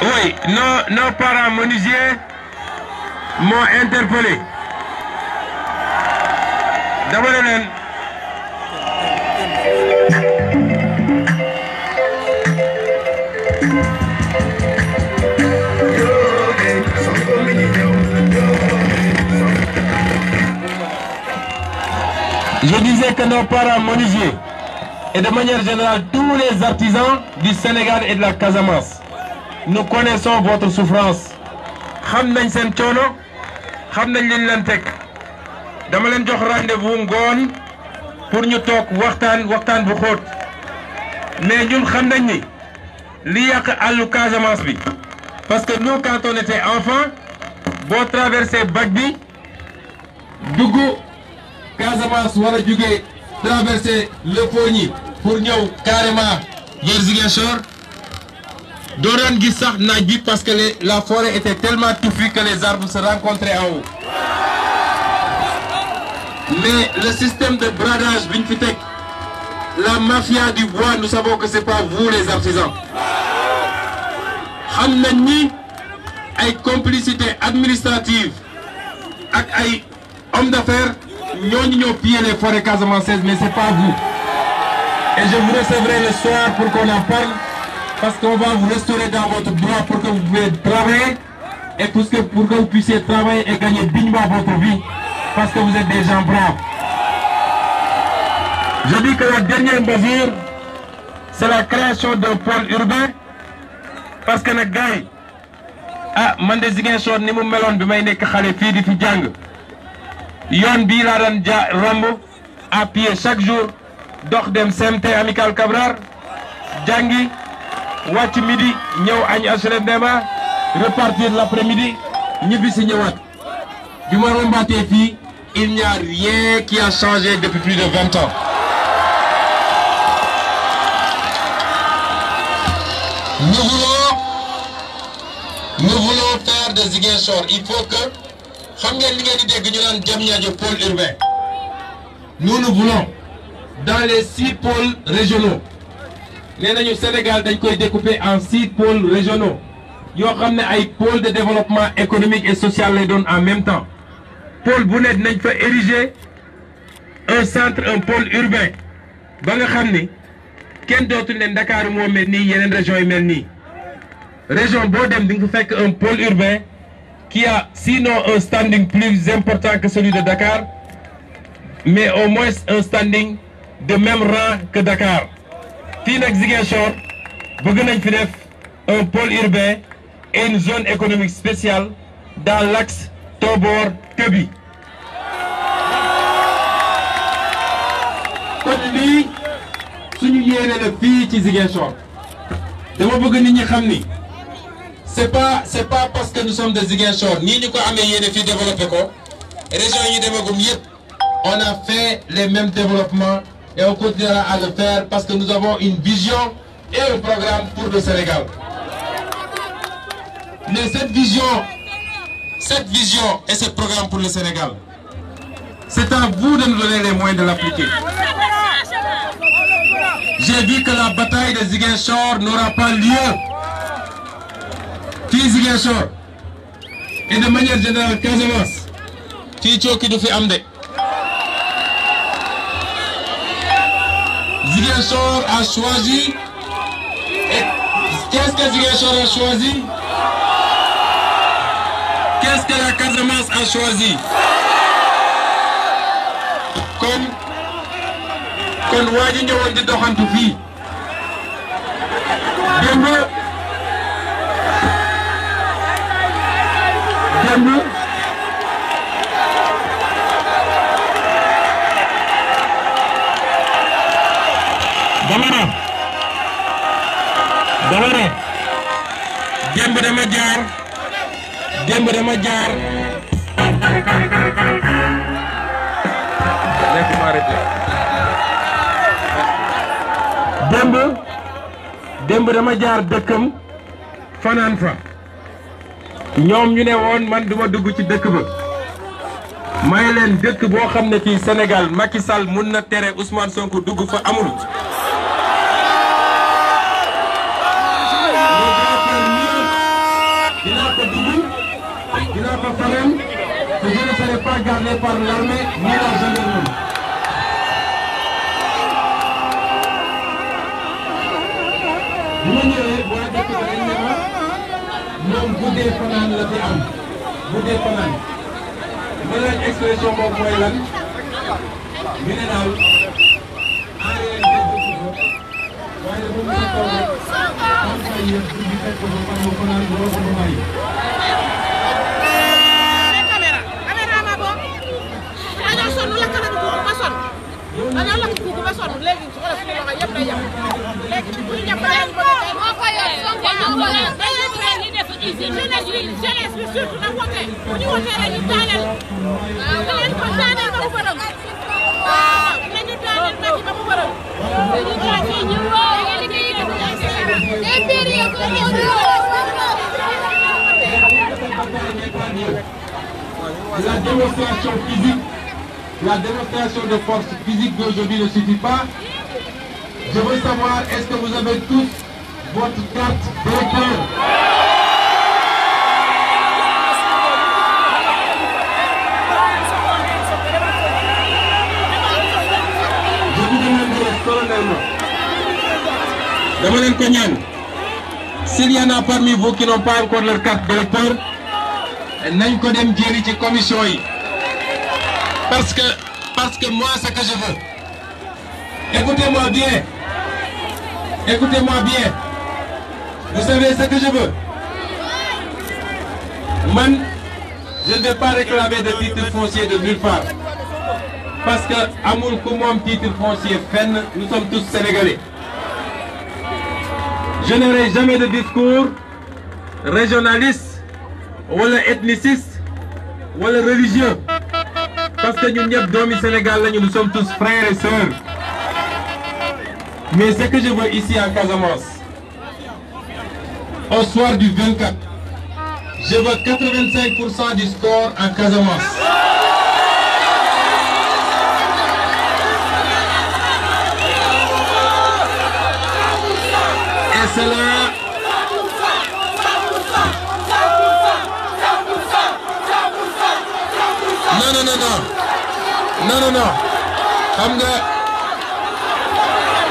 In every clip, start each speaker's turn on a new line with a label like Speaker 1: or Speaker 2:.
Speaker 1: Oui, nos, nos parents menuisiers m'ont interpellé. Je disais que nos parents menuisiers et de manière générale tous les artisans du Sénégal et de la Casamance nous connaissons votre souffrance xam nañ seen coono Nous nañ liñ leen teg dama leen jox rendez-vous ngoon pour ñu bu mais ñun xam ni li parce que nous quand on était enfant vous traversé bac bi dugg Casamance war le Fogny pour nous carrément vers Doran Gissak n'a dit parce que la forêt était tellement touffue que les arbres se rencontraient en haut. Mais le système de bradage la mafia du bois, nous savons que ce n'est pas vous les artisans. Xam complicité administrative ak hommes d'affaires Nous ñoo les forêts 16, mais c'est pas vous. Et je vous recevrai le soir pour qu'on en parle parce qu'on va vous restaurer dans votre droit pour que vous puissiez travailler et pour que, pour que vous puissiez travailler et gagner dignement votre vie parce que vous êtes des gens braves. Je dis que la dernière mesure, c'est la création d'un pôle urbain parce que les gars, ah man de Ziguinchor ni mu melon bi may nekk di fi à pied chaque jour dox dem CMT Amical Cabral jàngi wàcc midi ñew añ assuré ndema repartir l'après-midi ñibbi si ñëwaat bi ma rombaatee il n'y a rien qui a changé depuis plus de 20 ans. Nous voulons, nous voulons faire des Il faut que, xam ngeen li ngeen di dégg ñu naan pôle urbain. Nous nous voulons dans les six pôles régionaux. Le Sénégal dañ koy découper en six pôles régionaux Il y a un pôle de développement économique et social en même temps pôle bu nous avons un centre un pôle urbain ba nga xam d'autre n'est dootul Dakar moo mel nii yeneen région yi mel région boo dem di un pôle urbain qui a sinon un standing plus important que celui de Dakar mais au moins un standing de même rang que Dakar fii nag Ziguinchor bëgg nañ fi def un pôle urbain et une zone économique spéciale dans l'axe Tobor Tëbi kon lii suñu yéene la fii ci Ziguinchor dama bëgg nit ñi xam c'est pas c'est pas parce que nous sommes des Ziguinchor ni ñu ko amee yéene fii développé ko région yi demagum yëpp on a fait les mêmes développements et on continuera à le faire parce que nous avons une vision et un programme pour le Sénégal. Mais cette vision, cette vision et ce programme pour le Sénégal, c'est à vous de nous donner les moyens de l'appliquer. J'ai vu que la bataille de Ziguinchor n'aura pas lieu. Qui Ziguinchor Et de manière générale, Casamance. Qui nous fait amener. Ziguinchor a choisi. Qu'est-ce que Ziguinchor a choisi Qu'est-ce que la Casamance a choisi Comme Comme Wadi ji ñëwoon di doxantu fii non non démb dama jaar jaar. léegi dëkkam fanaan fa. ñoom ñu ne woon man duma dugg ci dëkk ba. may leen dëkk boo xam ne fii Sénégal Macky Sall mun na tere Ousmane Sonko dugg fa amul. que je ne serai pas gardé par l'armée ni la gendarmerie. bu ma ñëwee waa dëkk bi dañ ne fanaan la fi am guddee fanaan ma laaj expression boobu mooy lan ñu ne daal en réalité dëkk ko waaye dafa mën may. la La démonstration physique, la démonstration de force physique d'aujourd'hui ne suffit pas. Je veux savoir, est-ce que vous avez tous votre carte d'électeur Je vous demanderai solennellement. le Kenyan, s'il y en a parmi vous qui n'ont pas encore leur carte d'électeur, nañ ko dem dire que commission yi parce que parce que moi c'est ce que je veux écoutez-moi bien Écoutez-moi bien. Vous savez ce que je veux Moi, je ne vais pas réclamer de titre foncier de nulle part. Parce que mon Koumoum, titre foncier nous sommes tous sénégalais. Je n'aurai jamais de discours régionaliste, ou ethniciste, ou religieux. Parce que nous nous sommes tous frères et sœurs. Mais ce que je vois ici en Casamance, au soir du 24, je vois 85% du score en Casamance. Et cela Non, non, non, non. Non, non, non. Comme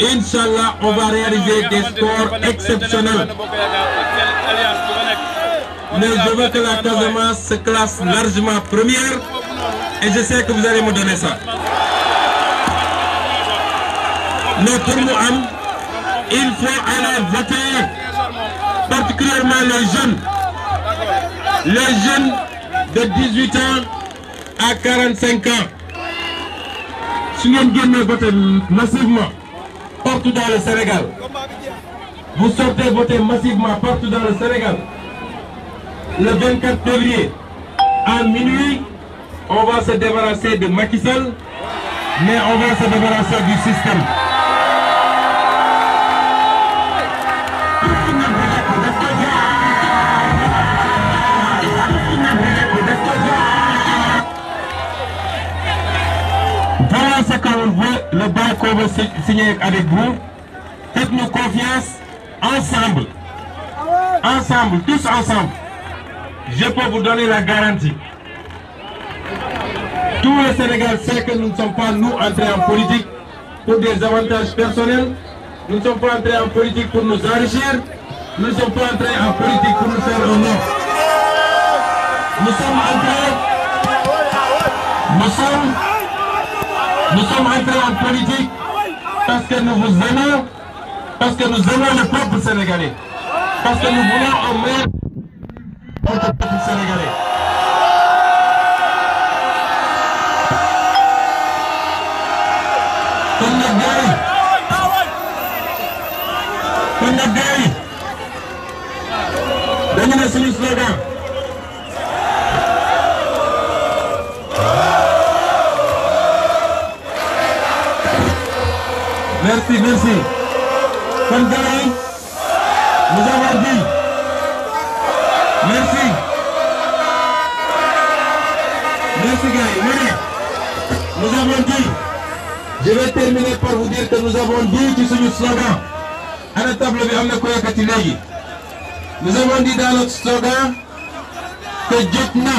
Speaker 1: Inch'Allah, on va réaliser des sports exceptionnels. Mais je veux que la Casamance se classe largement première et je sais que vous allez me donner ça. Mais pour nous, il faut aller voter, particulièrement les jeunes. Les jeunes de 18 ans à 45 ans vous voter massivement partout dans le Sénégal vous sortez voter massivement partout dans le Sénégal le 24 février à minuit on va se débarrasser de Macky Sall mais on va se débarrasser du système qu'on veut signer avec vous. Faites-nous confiance ensemble. Ensemble, tous ensemble. Je peux vous donner la garantie. Tout le Sénégal sait que nous ne sommes pas, nous, entrés en politique pour des avantages personnels. Nous ne sommes pas entrés en politique pour nous enrichir. Nous ne sommes pas entrés en politique pour nous faire honneur Nous sommes entrés... Nous sommes... Nous sommes entrés en politique parce que nous vous aimons, parce que nous aimons le peuple sénégalais, parce que nous voulons un meilleur le peuple sénégalais. le Nous avons dit Merci. Merci Gaï. Nous avons dit, je vais terminer par vous dire que nous avons dit que c'est slogan. À la table, nous avons dit dans notre slogan que Jotna,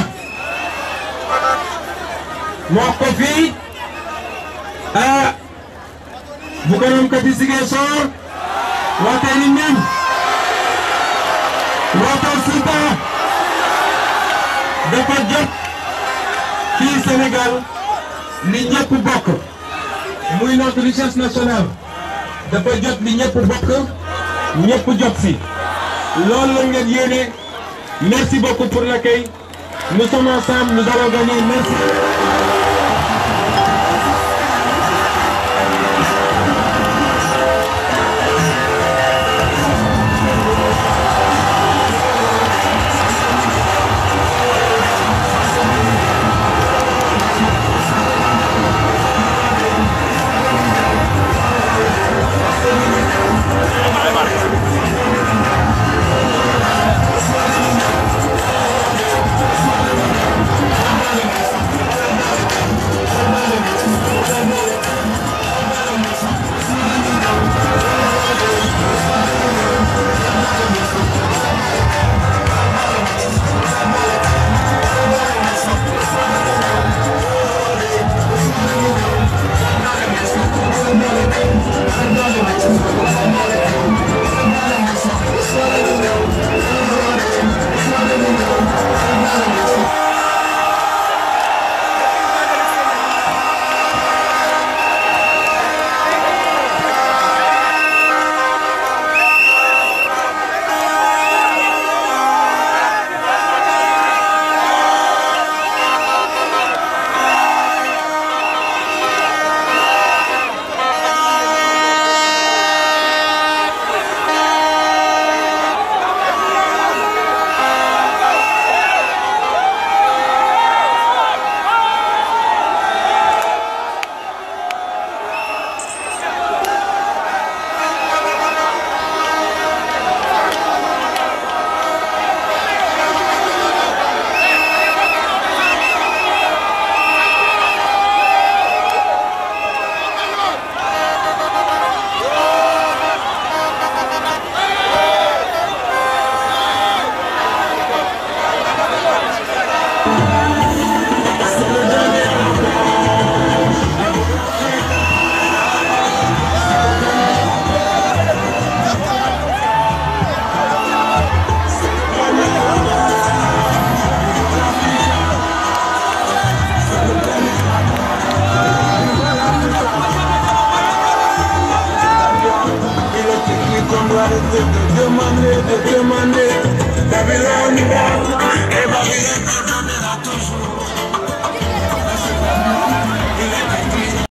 Speaker 1: ko ah Matam Sita dafa jot fii Sénégal li ñëpp bokk muy notre richesse nationale dafa jot li ñëpp bokk ñëpp jot si loolu la ngeen yéene merci beaucoup pour l'accueil nous sommes ensemble nous allons gagner merci.